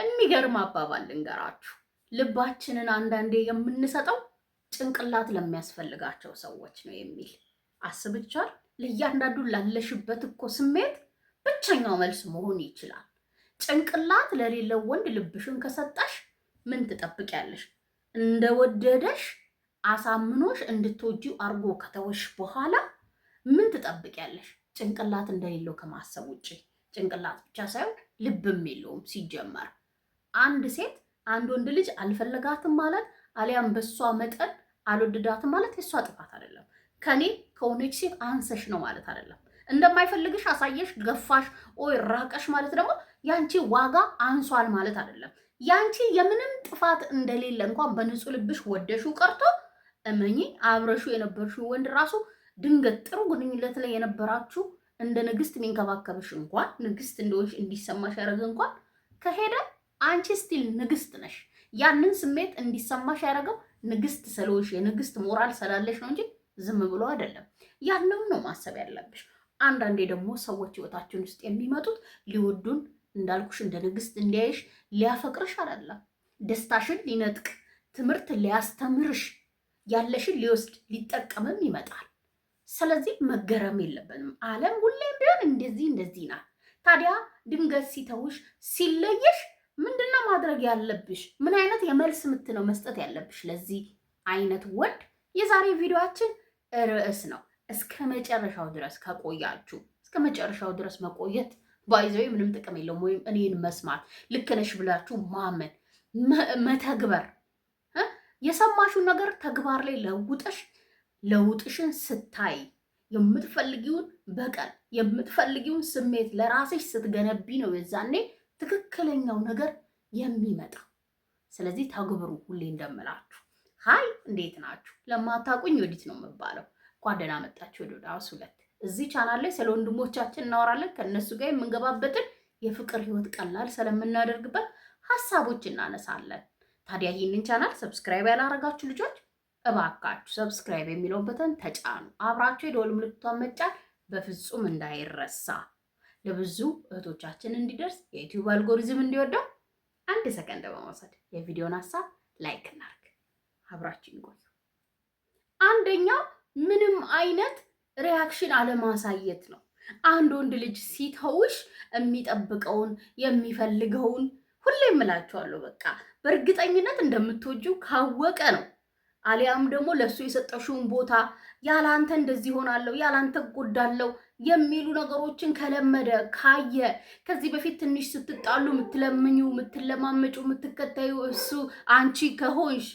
የሚገርም አባባል ልንገራችሁ። ልባችንን አንዳንዴ የምንሰጠው ጭንቅላት ለሚያስፈልጋቸው ሰዎች ነው የሚል አስብቻል። ለእያንዳንዱ ላለሽበት እኮ ስሜት ብቸኛው መልስ መሆን ይችላል። ጭንቅላት ለሌለው ወንድ ልብሽን ከሰጠሽ ምን ትጠብቂያለሽ? እንደወደደሽ አሳምኖሽ እንድትወጂው አርጎ ከተወሽ በኋላ ምን ትጠብቂያለሽ? ጭንቅላት እንደሌለው ከማሰብ ውጭ ጭንቅላት ብቻ ሳይሆን ልብም የለውም ሲጀመር። አንድ ሴት አንድ ወንድ ልጅ አልፈለጋትም ማለት አሊያም በሷ መጠን አልወደዳትም ማለት የሷ ጥፋት አይደለም። ከኔ ከሆነች ሴት አንሰሽ ነው ማለት አይደለም። እንደማይፈልግሽ አሳየሽ፣ ገፋሽ፣ ኦይ ራቀሽ ማለት ደግሞ ያንቺ ዋጋ አንሷል ማለት አይደለም። ያንቺ የምንም ጥፋት እንደሌለ እንኳን በንጹህ ልብሽ ወደሹ ቀርቶ እመኚ አብረሹ የነበርሽው ወንድ ራሱ ድንገት ጥሩ ግንኙነት ላይ የነበራችሁ እንደ ንግስት የሚንከባከብሽ እንኳን ንግስት እንደሆንሽ እንዲሰማሽ ያደረገ እንኳን ከሄደ አንቺ ስቲል ንግስት ነሽ። ያንን ስሜት እንዲሰማሽ ያደረገው ንግስት ስለሆንሽ የንግስት ሞራል ስላለሽ ነው እንጂ ዝም ብሎ አይደለም። ያንም ነው ማሰብ ያለብሽ። አንዳንዴ ደግሞ ሰዎች ህይወታችን ውስጥ የሚመጡት ሊወዱን እንዳልኩሽ እንደ ንግስት እንዲያይሽ ሊያፈቅርሽ አይደለም። ደስታሽን ሊነጥቅ፣ ትምህርት ሊያስተምርሽ፣ ያለሽን ሊወስድ ሊጠቀምም ይመጣል። ስለዚህ መገረም የለብንም። ዓለም ሁሌም ቢሆን እንደዚህ እንደዚህ ናት። ታዲያ ድንገት ሲተውሽ ሲለየሽ ምንድነው ማድረግ ያለብሽ? ምን አይነት የመልስ ምት ነው መስጠት ያለብሽ ለዚህ አይነት ወንድ? የዛሬ ቪዲዮአችን ርዕስ ነው። እስከ መጨረሻው ድረስ ከቆያችሁ እስከ መጨረሻው ድረስ መቆየት ባይዘው ምንም ጥቅም የለውም። ወይም እኔን መስማት ልክ ነሽ ብላችሁ ማመን መተግበር የሰማሽውን ነገር ተግባር ላይ ለውጠሽ ለውጥሽን ስታይ የምትፈልጊውን በቀል የምትፈልጊውን ስሜት ለራስሽ ስትገነቢ ነው የዛኔ ትክክለኛው ነገር የሚመጣ። ስለዚህ ተግብሩ። ሁሌ እንደምላችሁ ሀይ፣ እንዴት ናችሁ? ለማታቁኝ ወዲት ነው የምባለው። እንኳን ደህና መጣችሁ ወደ ዮድ ሁለት። እዚህ ቻናል ላይ ስለ ወንድሞቻችን እናወራለን። ከእነሱ ጋር የምንገባበትን የፍቅር ህይወት ቀላል ስለምናደርግበት ሀሳቦች እናነሳለን። ታዲያ ይህንን ቻናል ሰብስክራይብ ያላረጋችሁ ልጆች እባካችሁ ሰብስክራይብ የሚለውን በተን ተጫኑ። አብራችሁ የደወል ምልክቷን መጫን በፍጹም እንዳይረሳ። ለብዙ እህቶቻችን እንዲደርስ የዩቲዩብ አልጎሪዝም እንዲወደው አንድ ሰከንድ በመውሰድ የቪዲዮን ሀሳብ ላይክ እናርግ። አብራችን ቆዩ። አንደኛው ምንም አይነት ሪያክሽን አለማሳየት ነው። አንድ ወንድ ልጅ ሲተውሽ የሚጠብቀውን የሚፈልገውን ሁሌም እላቸዋለሁ፣ በቃ በእርግጠኝነት እንደምትወጁ ካወቀ ነው። አሊያም ደግሞ ለእሱ የሰጠሽውን ቦታ ያላንተ እንደዚህ ሆናለሁ፣ ያላንተ ጎዳለው የሚሉ ነገሮችን ከለመደ ካየ ከዚህ በፊት ትንሽ ስትጣሉ የምትለምኙ የምትለማመጩ የምትከተዩ እሱ አንቺ ከሆንሽ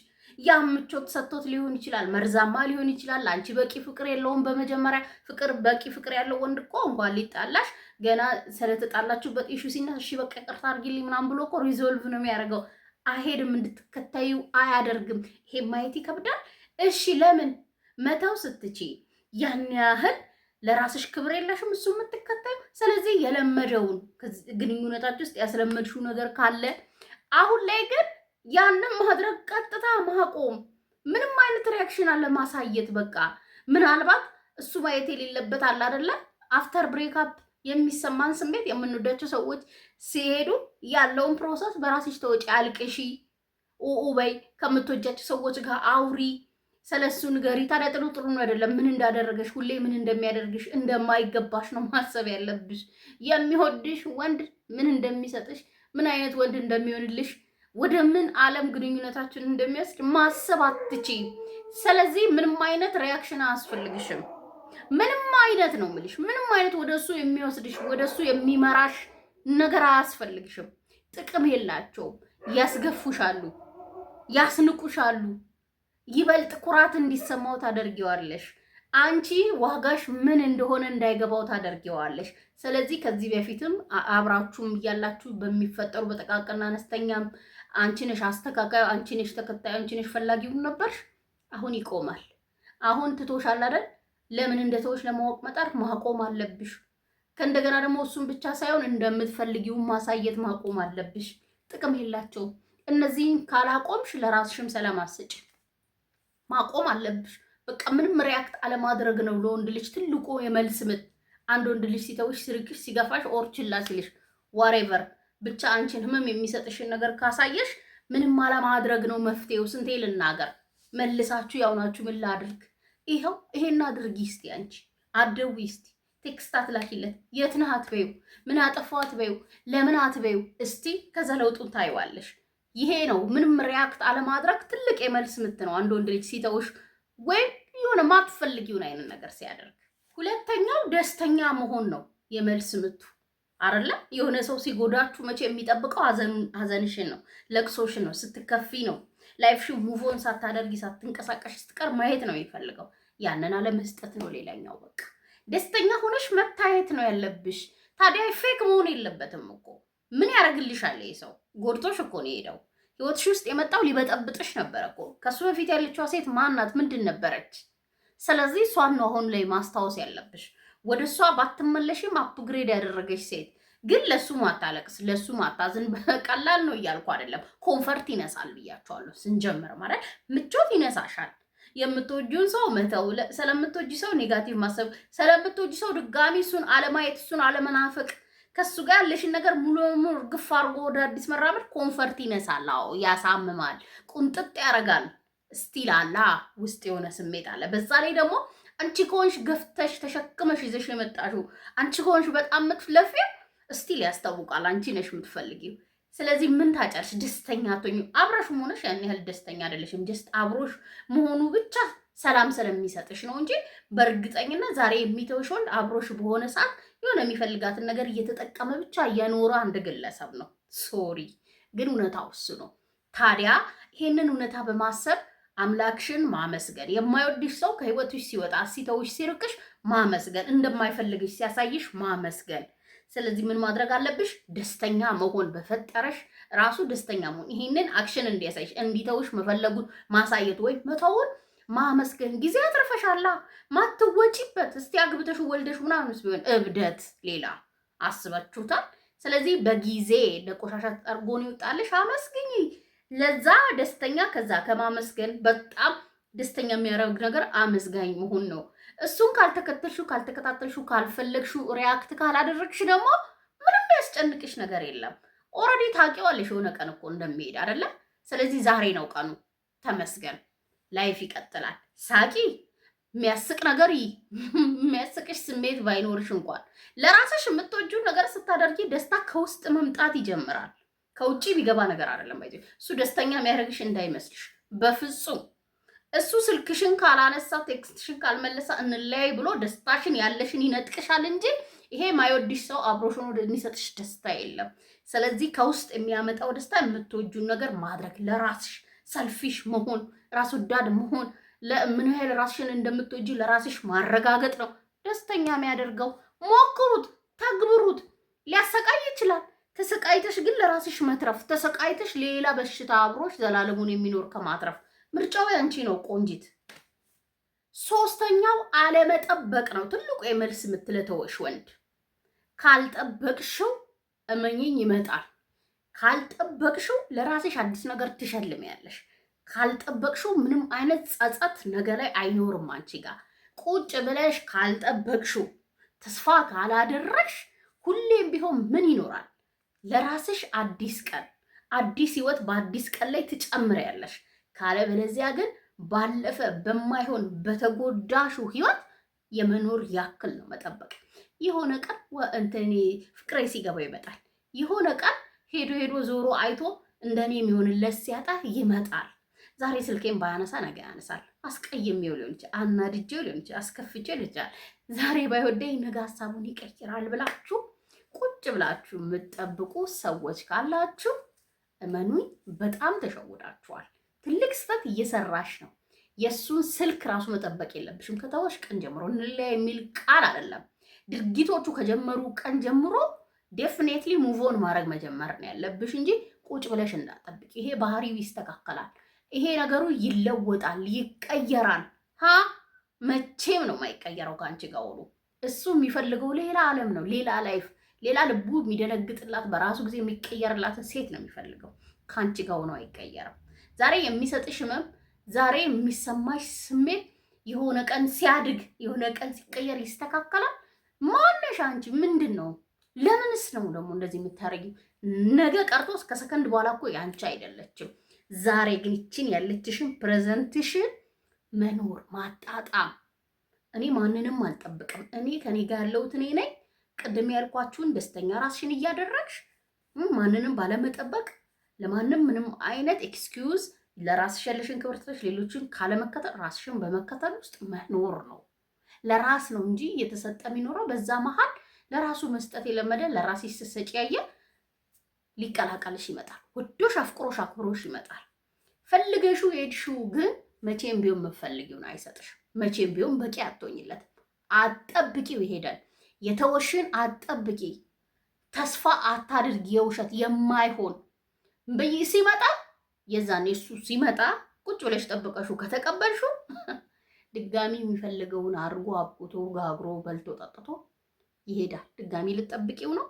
ያ ምቾት ሰጥቶት ሊሆን ይችላል፣ መርዛማ ሊሆን ይችላል። አንቺ በቂ ፍቅር የለውም። በመጀመሪያ ፍቅር በቂ ፍቅር ያለው ወንድ እኮ እንኳን ሊጣላሽ ገና ስለተጣላችሁበት ኢሹ ሲነሳ እሺ በቃ ቅርታ አድርጊልኝ ምናምን ብሎ እኮ ሪዞልቭ ነው የሚያደርገው። አሄድም እንድትከተዩ አያደርግም። ይሄ ማየት ይከብዳል። እሺ ለምን መተው ስትቺ ያን ያህል ለራስሽ ክብር የለሽም፣ እሱ የምትከተል ስለዚህ የለመደውን ግንኙነታች ውስጥ ያስለመድሽው ነገር ካለ አሁን ላይ ግን ያንን ማድረግ ቀጥታ ማቆም፣ ምንም አይነት ሪያክሽን አለ ማሳየት በቃ ምናልባት እሱ ማየት የሌለበት አለ አደለ? አፍተር ብሬክአፕ የሚሰማን ስሜት የምንወዳቸው ሰዎች ሲሄዱ ያለውን ፕሮሰስ በራስሽ ተወጪ፣ አልቅሺ፣ ኡኡ በይ፣ ከምትወጃቸው ሰዎች ጋር አውሪ። ስለ እሱ ንገሪ። ታዲያ ጥሩ ጥሩ ነው አይደለም? ምን እንዳደረገሽ ሁሌ ምን እንደሚያደርግሽ እንደማይገባሽ ነው ማሰብ ያለብሽ። የሚወድሽ ወንድ ምን እንደሚሰጥሽ፣ ምን አይነት ወንድ እንደሚሆንልሽ፣ ወደ ምን ዓለም ግንኙነታችን እንደሚወስድ ማሰብ አትቺ። ስለዚህ ምንም አይነት ሪያክሽን አያስፈልግሽም። ምንም አይነት ነው የምልሽ፣ ምንም አይነት ወደሱ የሚወስድሽ ወደሱ የሚመራሽ ነገር አያስፈልግሽም። ጥቅም የላቸውም። ያስገፉሻሉ፣ ያስንቁሻሉ ይበልጥ ኩራት እንዲሰማው ታደርጊዋለሽ። አንቺ ዋጋሽ ምን እንደሆነ እንዳይገባው ታደርጊዋለሽ። ስለዚህ ከዚህ በፊትም አብራችሁም እያላችሁ በሚፈጠሩ በጠቃቅና አነስተኛም አንቺ ነሽ አስተካካዩ፣ አንቺ ነሽ ተከታዩ፣ አንቺ ነሽ ፈላጊውም ነበርሽ። አሁን ይቆማል። አሁን ትቶሻል አይደል? ለምን እንደተወች ለማወቅ መጣር ማቆም አለብሽ። ከእንደገና ደግሞ እሱን ብቻ ሳይሆን እንደምትፈልጊው ማሳየት ማቆም አለብሽ። ጥቅም የላቸውም። እነዚህን ካላቆምሽ ለራስሽም ሰላም አትሰጪ። ማቆም አለብሽ። በቃ ምንም ሪያክት አለማድረግ ነው ለወንድ ልጅ ትልቁ የመልስ ምት። አንድ ወንድ ልጅ ሲተውሽ፣ ሲርቅሽ፣ ሲገፋሽ፣ ኦር ችላ ሲልሽ ዋሬቨር ብቻ አንቺን ህመም የሚሰጥሽን ነገር ካሳየሽ ምንም አለማድረግ ነው መፍትሄው። ስንቴ ልናገር መልሳችሁ ያውናችሁ ምን ላድርግ? ይኸው ይሄን አድርጊ እስቲ፣ አንቺ አትደውይ እስቲ፣ ቴክስት አትላኪለት፣ የት ነህ አትበይው፣ ምን አጠፋው አትበይው፣ ለምን አትበዩ። እስቲ። ከዛ ለውጡን ታይዋለሽ። ይሄ ነው። ምንም ሪያክት አለማድረግ ትልቅ የመልስ ምት ነው። አንድ ወንድ ልጅ ሲተውሽ ወይም የሆነ ማትፈልጊውን አይነት ነገር ሲያደርግ፣ ሁለተኛው ደስተኛ መሆን ነው የመልስ ምቱ አረለ የሆነ ሰው ሲጎዳችሁ መቼ የሚጠብቀው ሀዘንሽን ነው፣ ለቅሶሽን ነው፣ ስትከፊ ነው። ላይፍሽ ሙቮን ሳታደርጊ ሳትንቀሳቀሽ ስትቀር ማየት ነው የሚፈልገው። ያንን አለመስጠት ነው ሌላኛው። በቃ ደስተኛ ሆነሽ መታየት ነው ያለብሽ። ታዲያ ፌክ መሆን የለበትም እኮ ምን ያደርግልሻል? ይህ ሰው ጎድቶሽ እኮ ነው የሄደው። ህይወትሽ ውስጥ የመጣው ሊበጠብጥሽ ነበረ እኮ። ከሱ በፊት ያለችዋ ሴት ማናት? ምንድን ነበረች? ስለዚህ እሷን ነው አሁን ላይ ማስታወስ ያለብሽ። ወደ እሷ ባትመለሽም አፕግሬድ ያደረገች ሴት ግን ለሱ ማታለቅስ ለሱ ማታዝን በቀላል ነው እያልኩ አይደለም። ኮንፈርት ይነሳል ብያቸዋለሁ። ስንጀምር ማለት ምቾት ይነሳሻል። የምትወጂውን ሰው መተው፣ ስለምትወጂ ሰው ኔጋቲቭ ማሰብ፣ ስለምትወጂ ሰው ድጋሚ እሱን አለማየት፣ እሱን አለመናፈቅ ከሱ ጋር ያለሽን ነገር ሙሉ በሙሉ ግፍ አድርጎ ወደ አዲስ መራመድ ኮንፈርት ይነሳል። አዎ ያሳምማል፣ ቁንጥጥ ያደርጋል። ስቲል አለ ውስጥ የሆነ ስሜት አለ። በዛ ላይ ደግሞ አንቺ ከሆንሽ ገፍተሽ ተሸክመሽ ይዘሽ የመጣሽው አንቺ ከሆንሽ በጣም የምትለፊው ስቲል ያስታውቃል። አንቺ ነሽ የምትፈልጊው። ስለዚህ ምን ታጫርሽ? ደስተኛ ቶኙ አብረሽ መሆንሽ ያን ያህል ደስተኛ አይደለሽም። ጀስት አብሮሽ መሆኑ ብቻ ሰላም ስለሚሰጥሽ ነው እንጂ በእርግጠኝነት ዛሬ የሚተውሽ ወንድ አብሮሽ በሆነ ሰዓት የሆነ የሚፈልጋትን ነገር እየተጠቀመ ብቻ የኖረ አንድ ግለሰብ ነው። ሶሪ ግን እውነታው እሱ ነው። ታዲያ ይሄንን እውነታ በማሰብ አምላክሽን ማመስገን የማይወድሽ ሰው ከህይወትሽ ሲወጣ ሲተውሽ ሲርቅሽ ማመስገን እንደማይፈልግሽ ሲያሳይሽ ማመስገን ስለዚህ ምን ማድረግ አለብሽ ደስተኛ መሆን በፈጠረሽ ራሱ ደስተኛ መሆን ይሄንን አክሽን እንዲያሳይሽ እንዲተውሽ መፈለጉን ማሳየት ወይ መተውን ማመስገን ጊዜ አትርፈሻላ። ማትወጪበት እስቲ አግብተሽ ወልደሽ ምናምንስ ቢሆን እብደት ሌላ አስበችሁታል። ስለዚህ በጊዜ ለቆሻሻ ተጠርጎን ይውጣልሽ። አመስግኝ። ለዛ ደስተኛ ከዛ ከማመስገን በጣም ደስተኛ የሚያደርግ ነገር አመስጋኝ መሆን ነው። እሱን ካልተከተልሹ፣ ካልተከታተልሹ፣ ካልፈለግሹ፣ ሪያክት ካላደረግሽ ደግሞ ምንም ያስጨንቅሽ ነገር የለም። ኦልሬዲ ታውቂዋለሽ የሆነ ቀን እኮ እንደሚሄድ አይደለም ስለዚህ ዛሬ ነው ቀኑ። ተመስገን። ላይፍ ይቀጥላል። ሳቂ። የሚያስቅ ነገር የሚያስቅሽ ስሜት ባይኖርሽ እንኳን ለራስሽ የምትወጁ ነገር ስታደርጊ ደስታ ከውስጥ መምጣት ይጀምራል። ከውጭ ቢገባ ነገር አይደለም። ባይ እሱ ደስተኛ የሚያደርግሽ እንዳይመስልሽ በፍጹም። እሱ ስልክሽን ካላነሳ ቴክስትሽን ካልመለሳ እንለያይ ብሎ ደስታሽን ያለሽን ይነጥቅሻል እንጂ ይሄ ማይወድሽ ሰው አብሮሽ ሆኖ የሚሰጥሽ ደስታ የለም። ስለዚህ ከውስጥ የሚያመጣው ደስታ የምትወጁን ነገር ማድረግ ለራስሽ ሰልፊሽ መሆን፣ ራስ ወዳድ መሆን፣ ለምን ያህል ራስሽን እንደምትወጂ ለራስሽ ማረጋገጥ ነው ደስተኛ የሚያደርገው። ሞክሩት፣ ተግብሩት። ሊያሰቃይ ይችላል። ተሰቃይተሽ ግን ለራስሽ መትረፍ፣ ተሰቃይተሽ ሌላ በሽታ አብሮሽ ዘላለሙን የሚኖር ከማትረፍ ምርጫው ያንቺ ነው ቆንጂት። ሶስተኛው አለመጠበቅ ነው። ትልቁ የመልስ ምትለተወሽ ወንድ ካልጠበቅሽው እመኝኝ ይመጣል። ካልጠበቅሽው ለራስሽ አዲስ ነገር ትሸልሚያለሽ። ካልጠበቅሽው ምንም አይነት ጸጸት ነገ ላይ አይኖርም አንቺ ጋር። ቁጭ ብለሽ ካልጠበቅሽው ተስፋ ካላደረሽ ሁሌም ቢሆን ምን ይኖራል? ለራስሽ አዲስ ቀን፣ አዲስ ህይወት በአዲስ ቀን ላይ ትጨምሪያለሽ። ካለበለዚያ ግን ባለፈ በማይሆን በተጎዳሹ ህይወት የመኖር ያክል ነው መጠበቅ። የሆነ ቀን እንትን ፍቅሬ ሲገባ ይመጣል። የሆነ ቀን ሄዶ ሄዶ ዞሮ አይቶ እንደኔ የሚሆንለት ሲያጣ ይመጣል። ዛሬ ስልኬን ባያነሳ ነገ ያነሳል። አስቀይሜው ሊሆን ይችላል፣ አናድጄው ሊሆን ይችላል፣ አስከፍቼው ሊሆን ይችላል። ዛሬ ባይወደኝ ነገ ሀሳቡን ይቀይራል ብላችሁ ቁጭ ብላችሁ የምትጠብቁ ሰዎች ካላችሁ እመኑኝ በጣም ተሸውዳችኋል። ትልቅ ስህተት እየሰራሽ ነው። የእሱን ስልክ ራሱ መጠበቅ የለብሽም። ከተወሽ ቀን ጀምሮ እንለያ የሚል ቃል አይደለም ድርጊቶቹ ከጀመሩ ቀን ጀምሮ ዴፍኔትሊ ሙቮን ማድረግ መጀመር ነው ያለብሽ እንጂ ቁጭ ብለሽ እንዳጠብቅ ይሄ ባህሪው ይስተካከላል። ይሄ ነገሩ ይለወጣል፣ ይቀየራል። ሀ መቼም ነው የማይቀየረው ከአንቺ ጋር እሱ የሚፈልገው ሌላ ዓለም ነው፣ ሌላ ላይፍ፣ ሌላ ልቡ የሚደነግጥላት በራሱ ጊዜ የሚቀየርላትን ሴት ነው የሚፈልገው። ከአንቺ ጋር ሆኖ አይቀየርም። ዛሬ የሚሰጥሽ ህመም፣ ዛሬ የሚሰማሽ ስሜት የሆነ ቀን ሲያድግ፣ የሆነ ቀን ሲቀየር ይስተካከላል። ማነሽ አንቺ ምንድን ነው ለምንስ ነው ደግሞ እንደዚህ የምታደርጊው? ነገ ቀርቶ እስከ ሰከንድ በኋላ እኮ የአንቺ አይደለችም። ዛሬ ግን ይችን ያለችሽን ፕሬዘንትሽን መኖር ማጣጣም። እኔ ማንንም አልጠብቅም። እኔ ከኔ ጋር ያለሁት እኔ ነኝ። ቅድም ያልኳችሁን ደስተኛ ራስሽን እያደረግሽ ማንንም ባለመጠበቅ ለማንም ምንም አይነት ኤክስኪዩዝ ለራስሽ ያለሽን ክብር ትተሽ ሌሎችን ካለመከተል ራስሽን በመከተል ውስጥ መኖር ነው። ለራስ ነው እንጂ እየተሰጠ የሚኖረው በዛ መሀል ለራሱ መስጠት የለመደ ለራሴ ስትሰጪ ያየ ሊቀላቀልሽ ይመጣል። ወዶሽ አፍቅሮሽ አክብሮሽ ይመጣል። ፈልገሽው የሄድሽው ግን መቼም ቢሆን የምትፈልጊውን አይሰጥሽም። መቼም ቢሆን በቂ አትሆኝለትም። አጠብቂው ይሄዳል። የተወሽን አጠብቂ። ተስፋ አታድርጊ። የውሸት የማይሆን በይ ሲመጣ የዛን የሱ ሲመጣ ቁጭ ብለሽ ጠብቀሹ ከተቀበልሹ ድጋሚ የሚፈልገውን አድርጎ አብቁቶ ጋግሮ በልቶ ጠጥቶ ይሄዳል። ድጋሚ ልጠብቂው ነው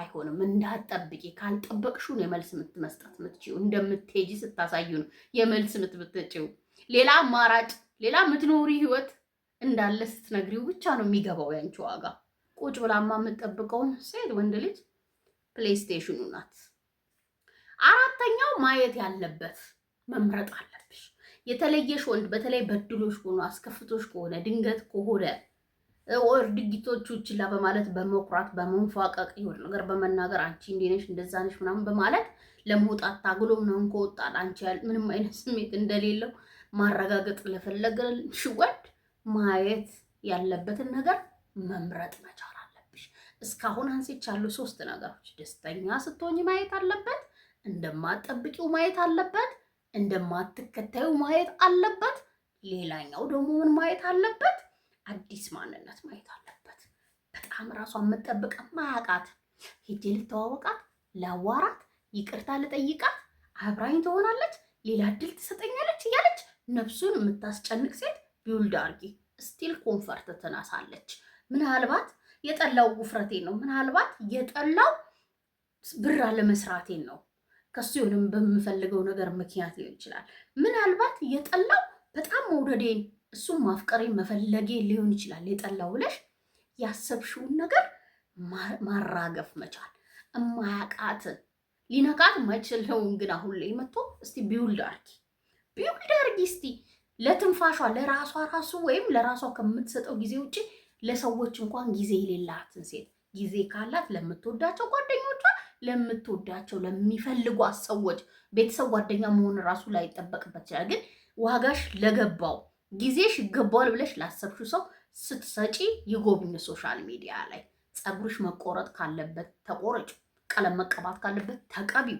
አይሆንም። እንዳትጠብቂ ካልጠበቅሽው ነው የመልስ ምት መስጠት የምትችይው። እንደምትሄጂ ስታሳዩ ነው የመልስ ምት ሌላ አማራጭ ሌላ ምትኖሪ ህይወት እንዳለ ስትነግሪው ብቻ ነው የሚገባው ያንቺ ዋጋ። ቁጭ ብላማ የምትጠብቀውን ሴት ወንድ ልጅ ፕሌይስቴሽኑ ናት። አራተኛው ማየት ያለበት መምረጥ አለብሽ። የተለየሽ ወንድ በተለይ በድሎሽ ከሆነ አስከፍቶሽ ከሆነ ድንገት ከሆነ ወር ድግቶቹ ችላ በማለት በመኩራት በመንፏቀቅ ይሁን ነገር በመናገር አንቺ እንዴት ነሽ እንደዛ ነሽ ምናምን በማለት ለመውጣት ታግሎ ምናምን ከወጣል አንቺ ያል ምንም አይነት ስሜት እንደሌለው ማረጋገጥ ለፈለገልሽ ወንድ ማየት ያለበትን ነገር መምረጥ መቻል አለብሽ። እስካሁን አንስቻለሁ ሶስት ነገሮች፣ ደስተኛ ስትሆኝ ማየት አለበት፣ እንደማትጠብቂው ማየት አለበት፣ እንደማትከታዩ ማየት አለበት። ሌላኛው ደግሞ ምን ማየት አለበት? አዲስ ማንነት ማየት አለበት። በጣም ራሷን መጠበቅ ማቃት ሄጄ ልተዋወቃት፣ ላዋራት፣ ይቅርታ ልጠይቃት፣ አብራኝ ትሆናለች፣ ሌላ እድል ትሰጠኛለች እያለች ነፍሱን የምታስጨንቅ ሴት ቢውልድ አርጊ። ስቲል ኮንፈርት ትናሳለች። ምናልባት የጠላው ውፍረቴን ነው፣ ምናልባት የጠላው ብር አለመስራቴን ነው፣ ከሱ የሆነም በምፈልገው ነገር ምክንያት ሊሆን ይችላል። ምናልባት የጠላው በጣም መውደዴን እሱም ማፍቀሬ መፈለጌ ሊሆን ይችላል። የጠላው ብለሽ ያሰብሽውን ነገር ማራገፍ መቻል እማያቃት ሊነካት ማይችልው ግን አሁን ላይ መጥቶ እስቲ ቢውልድ አርጊ፣ ቢውልድ አርጊ እስቲ ለትንፋሿ ለራሷ ራሱ ወይም ለራሷ ከምትሰጠው ጊዜ ውጭ ለሰዎች እንኳን ጊዜ የሌላትን ሴት ጊዜ ካላት ለምትወዳቸው ጓደኞቿ፣ ለምትወዳቸው ለሚፈልጓት ሰዎች ቤተሰብ ጓደኛ መሆን ራሱ ላይ ይጠበቅበት ይችላል። ግን ዋጋሽ ለገባው ጊዜሽ ይገባዋል ብለሽ ላሰብሽው ሰው ስትሰጪ ይጎብኝ። ሶሻል ሚዲያ ላይ ፀጉርሽ መቆረጥ ካለበት ተቆረጭ፣ ቀለም መቀባት ካለበት ተቀቢው፣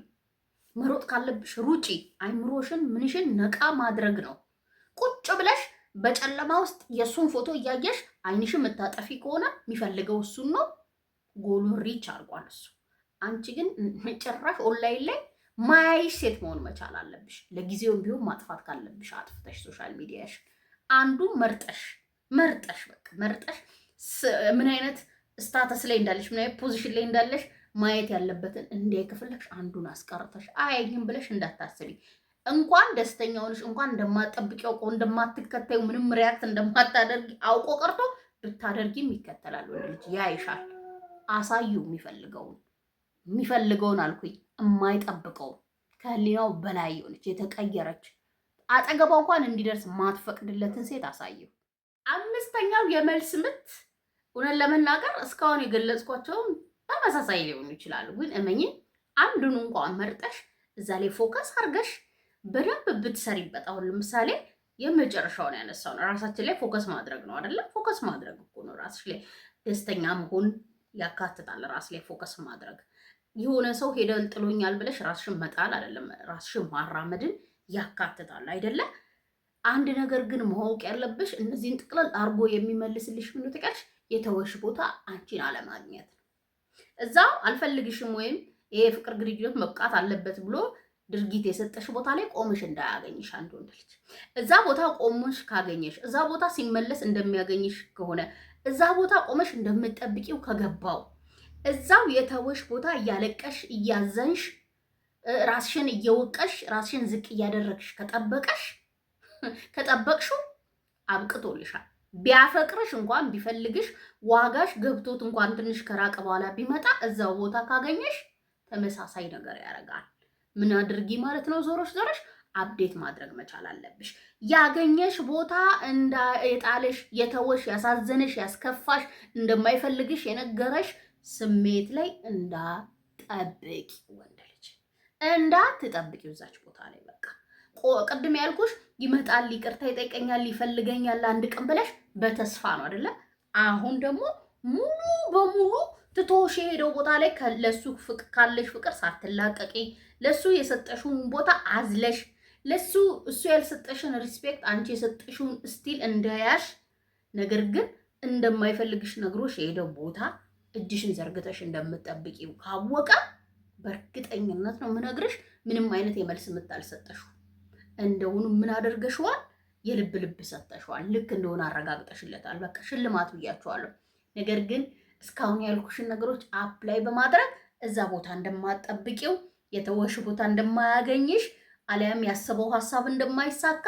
መሮጥ ካለብሽ ሩጪ። አይምሮሽን ምንሽን ነቃ ማድረግ ነው። ቁጭ ብለሽ በጨለማ ውስጥ የእሱን ፎቶ እያየሽ አይንሽ የምታጠፊ ከሆነ የሚፈልገው እሱን ነው። ጎሉ ሪች አድርጓል እሱ። አንቺ ግን ጭራሽ ኦንላይን ላይ ማያይሽ ሴት መሆን መቻል አለብሽ። ለጊዜውም ቢሆን ማጥፋት ካለብሽ አጥፍተሽ ሶሻል ሚዲያሽ አንዱ መርጠሽ መርጠሽ በቃ መርጠሽ ምን አይነት ስታተስ ላይ እንዳለሽ ምን አይነት ፖዚሽን ላይ እንዳለሽ ማየት ያለበትን እንዳይከፍለሽ አንዱን አስቀርተሽ አያይም ብለሽ እንዳታስቢ። እንኳን ደስተኛ ሆነሽ እንኳን እንደማጠብቂው ቆ እንደማትከተዩ ምንም ሪያክት እንደማታደርጊ አውቆ ቀርቶ ብታደርጊም ይከተላል። ወደ ልጅ ያይሻል። አሳዩ የሚፈልገውን የሚፈልገውን አልኩኝ፣ የማይጠብቀውን ከህሊናው በላይ የሆነች የተቀየረች አጠገቧ እንኳን እንዲደርስ ማትፈቅድለትን ሴት አሳየው። አምስተኛው የመልስ ምት እውነት ለመናገር እስካሁን የገለጽኳቸውም ተመሳሳይ ሊሆኑ ይችላሉ፣ ግን እመኝ አንዱን እንኳን መርጠሽ እዛ ላይ ፎከስ አድርገሽ በደንብ ብትሰሪበት። አሁን ለምሳሌ የመጨረሻውን ያነሳው ነው ራሳችን ላይ ፎከስ ማድረግ ነው አይደለ? ፎከስ ማድረግ እኮ ነው ራስሽ ላይ ደስተኛ መሆን ያካትታል። ራስ ላይ ፎከስ ማድረግ የሆነ ሰው ሄደን ጥሎኛል ብለሽ ራስሽን መጣል አይደለም፣ ራስሽን ማራመድን ያካትታል አይደለ? አንድ ነገር ግን ማወቅ ያለብሽ እነዚህን ጥቅልል አርጎ የሚመልስልሽ ምን ተቀርሽ የተወሽ ቦታ አንቺን አለማግኘት ነው። እዛው አልፈልግሽም ወይም ይሄ ፍቅር ግንኙነት መብቃት አለበት ብሎ ድርጊት የሰጠሽ ቦታ ላይ ቆመሽ እንዳያገኝሽ አንድ ወንድ ልጅ እዛ ቦታ ቆመሽ ካገኘሽ እዛ ቦታ ሲመለስ እንደሚያገኝሽ ከሆነ እዛ ቦታ ቆመሽ እንደምጠብቂው ከገባው እዛው የተወሽ ቦታ እያለቀሽ እያዘንሽ ራስሽን እየወቀሽ ራስሽን ዝቅ እያደረግሽ ከጠበቀሽ ከጠበቅሽው አብቅቶልሻል። ቢያፈቅርሽ እንኳን ቢፈልግሽ ዋጋሽ ገብቶት እንኳን ትንሽ ከራቀ በኋላ ቢመጣ እዛው ቦታ ካገኘሽ ተመሳሳይ ነገር ያደርጋል። ምን አድርጊ ማለት ነው? ዞሮሽ ዞሮሽ አብዴት ማድረግ መቻል አለብሽ። ያገኘሽ ቦታ እንዳ የጣለሽ የተወሽ፣ ያሳዘነሽ፣ ያስከፋሽ፣ እንደማይፈልግሽ የነገረሽ ስሜት ላይ እንዳጠብቂ ወንድ እንዳትጠብቂው እዛች ቦታ ላይ በቃ ቅድም ያልኩሽ ይመጣል፣ ይቅርታ ይጠይቀኛል፣ ይፈልገኛል አንድ ቀን ብለሽ በተስፋ ነው አይደለ? አሁን ደግሞ ሙሉ በሙሉ ትቶሽ የሄደው ቦታ ላይ ለሱ ካለሽ ፍቅር ሳትላቀቂ ለሱ የሰጠሽውን ቦታ አዝለሽ ለሱ እሱ ያልሰጠሽን ሪስፔክት አንቺ የሰጠሽውን ስቲል እንዳያሽ፣ ነገር ግን እንደማይፈልግሽ ነግሮሽ የሄደው ቦታ እጅሽን ዘርግተሽ እንደምጠብቂው ካወቀ በእርግጠኝነት ነው ምነግርሽ፣ ምንም አይነት የመልስ ምት አልሰጠሽው። እንደውኑ ምን አደርገሽዋል? የልብ ልብ ሰጠሽዋል። ልክ እንደሆነ አረጋግጠሽለታል። በቃ ሽልማት ብያቸዋለሁ። ነገር ግን እስካሁን ያልኩሽን ነገሮች አፕላይ በማድረግ እዛ ቦታ እንደማጠብቂው የተወሽ ቦታ እንደማያገኝሽ አሊያም ያሰበው ሀሳብ እንደማይሳካ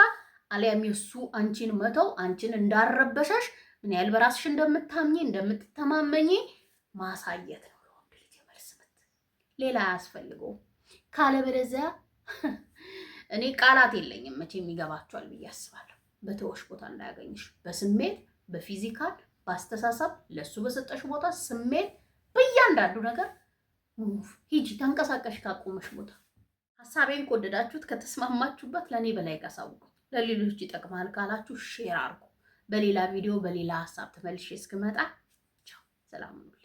አሊያም የሱ አንቺን መተው አንቺን እንዳረበሸሽ ምን ያህል በራስሽ እንደምታምኚ እንደምትተማመኚ ማሳየት ነው። ሌላ አያስፈልገውም። ካለበለዚያ እኔ ቃላት የለኝም መቼም ይገባቸዋል ብዬ አስባለሁ። በተወሽ ቦታ እንዳያገኝሽ በስሜት በፊዚካል በአስተሳሰብ ለሱ በሰጠሽ ቦታ ስሜት በእያንዳንዱ ነገር ሂጂ ተንቀሳቀሽ ካቆመሽ ቦታ። ሀሳቤን ከወደዳችሁት ከተስማማችሁበት ለእኔ በላይ ቀሳውቁ ለሌሎች ይጠቅማል ካላችሁ ሼር አርጉ። በሌላ ቪዲዮ በሌላ ሀሳብ ተመልሼ እስክመጣ ቻው፣ ሰላም።